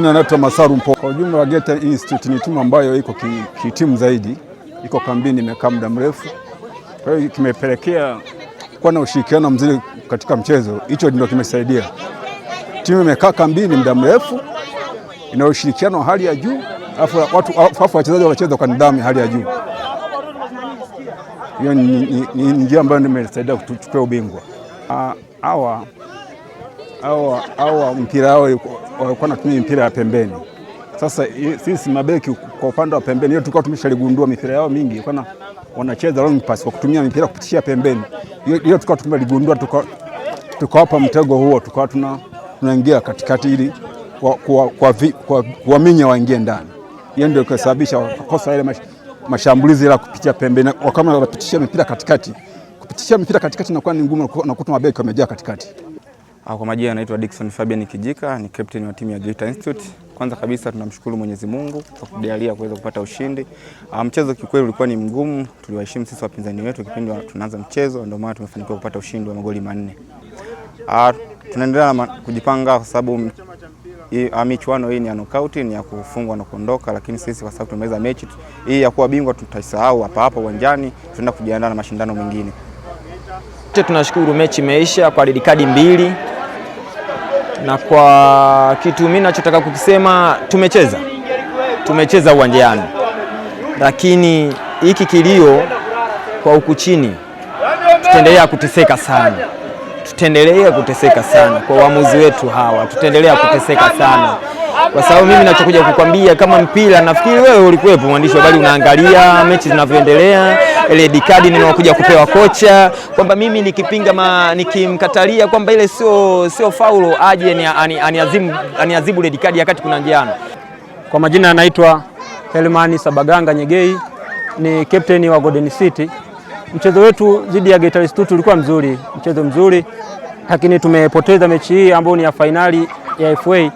Naitwa Masaru Mpo. Kwa ujumla Geita Institute ni timu ambayo iko kitimu ki zaidi, iko kambini, imekaa muda mrefu, kwa hiyo kimepelekea kuwa na ushirikiano mzuri katika mchezo. Hicho ndio kimesaidia timu imekaa kambini muda mrefu, ina ushirikiano wa hali ya juu, alafu wachezaji wanacheza kwa nidhamu hali ya juu. Hiyo ni njia ambayo nimesaidia kuchukua ubingwa ah, hawa au mpira wao walikuwa wanatumia mpira ya pembeni. Sasa sisi mabeki kwa upande wa pembeni, hiyo tulikuwa tumeshaligundua, mipira yao mingi ilikuwa wanacheza long pass kwa kutumia mipira kupitishia pembeni, hiyo tulikuwa tumeligundua, tukawapa mtego huo, tukawa tunaingia katikati ili kuwaminya waingie ndani. Hiyo ndio ikasababisha kosa ile mashambulizi la kupitia pembeni, wakawa wanapitishia mipira katikati. kupitishia mipira katikati inakuwa ni ngumu, nakuta mabeki wamejaa katikati. Kwa majina anaitwa Dickson Fabian Kijika, ni captain wa timu ya Geita Institute. Kwanza kabisa tunamshukuru Mwenyezi Mungu kwa kujalia kuweza kupata ushindi. Ah, mchezo kikweli ulikuwa ni mgumu, tuliwaheshimu sisi wapinzani wetu kipindi tunaanza mchezo, ndio maana tumefanikiwa kupata ushindi wa magoli manne. Ah, tunaendelea na kujipanga kwa sababu ah, michuano hii ni ya knockout, ni ya kufungwa na kuondoka, lakini sisi kwa sababu tumeweza mechi hii ya kuwa bingwa tutaisahau hapa hapa uwanjani, tunaenda kujiandaa na mashindano mengine. Tunashukuru mechi imeisha kwa red card mbili na kwa kitu mimi nachotaka kukisema, tumecheza tumecheza uwanjani, lakini hiki kilio kwa huku chini, tutaendelea kuteseka sana, tutaendelea kuteseka sana kwa waamuzi wetu hawa, tutaendelea kuteseka sana kwa sababu mimi nachokuja kukwambia kama mpira, nafikiri wewe ulikuwepo mwandishi wa habari, unaangalia mechi zinavyoendelea ile dikadi nimekuja kupewa kocha, kwamba mimi nikipinga ma, nikimkatalia kwamba ile sio sio faulo, aje aniazibu ani, ani ile dikadi wakati kuna njiano. Kwa majina anaitwa Helmani Sabaganga Nyegei, ni captain wa Golden City. Mchezo wetu dhidi ya Geita Institute ulikuwa mzuri, mchezo mzuri, lakini tumepoteza mechi hii ambayo ni ya fainali ya FA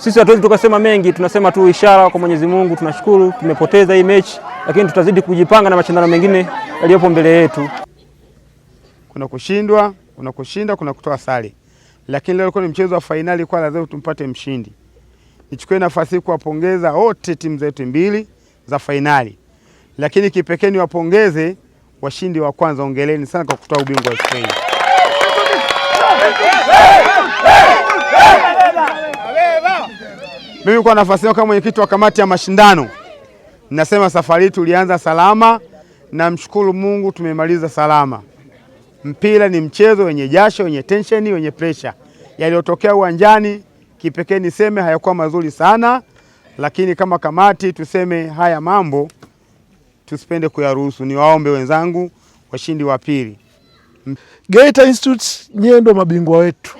sisi hatuwezi tukasema mengi, tunasema tu ishara kwa Mwenyezi Mungu. Tunashukuru tumepoteza hii mechi, lakini tutazidi kujipanga na mashindano mengine yaliyopo mbele yetu. Kuna kushindwa, kuna kushinda, kuna kutoa sare, lakini leo ilikuwa ni mchezo wa fainali, kwa lazima tumpate mshindi. Nichukue nafasi hii kuwapongeza wote timu zetu mbili za fainali, lakini kipekee niwapongeze washindi wa kwanza. Ongeleni sana kwa kutoa ubingwa wa Spain. Mimi kwa nafasi yangu kama mwenyekiti wa kamati ya mashindano nasema safari hii tulianza salama, namshukuru Mungu tumemaliza salama. Mpira ni mchezo wenye jasho, wenye tensheni, wenye pressure. Yaliyotokea uwanjani kipekee niseme hayakuwa mazuri sana, lakini kama kamati tuseme haya mambo tusipende kuyaruhusu. Niwaombe wenzangu, washindi wa pili Geita Institute, nyewe ndo mabingwa wetu.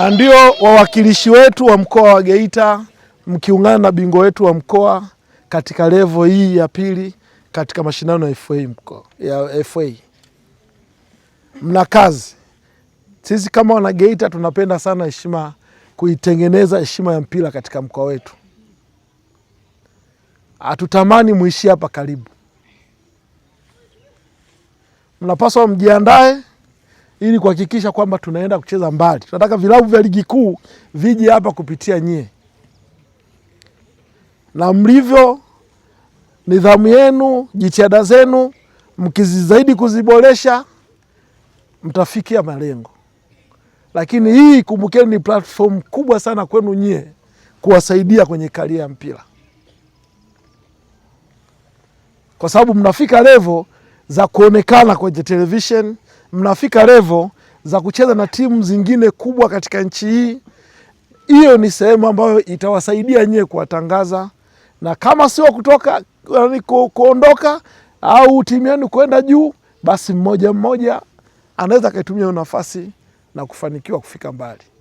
na ndio wawakilishi wetu wa mkoa wa Geita mkiungana na bingwa wetu wa mkoa katika levo hii ya pili katika mashindano ya FA mkoa ya FA. Mna kazi. Sisi kama wana Geita tunapenda sana heshima, kuitengeneza heshima ya mpira katika mkoa wetu. Hatutamani muishie hapa karibu, mnapaswa mjiandae ili kuhakikisha kwamba tunaenda kucheza mbali. Tunataka vilabu vya ligi kuu vije hapa kupitia nyie, na mlivyo, nidhamu yenu, jitihada zenu, mkizizidi kuziboresha mtafikia malengo. Lakini hii kumbukeni, ni platform kubwa sana kwenu nyie kuwasaidia kwenye karia ya mpira, kwa sababu mnafika levo za kuonekana kwenye televisheni mnafika levo za kucheza na timu zingine kubwa katika nchi hii, hiyo ni sehemu ambayo itawasaidia nyewe kuwatangaza, na kama sio kutoka kuondoka au timu yenu kwenda juu, basi mmoja mmoja anaweza akaitumia hiyo nafasi na kufanikiwa kufika mbali.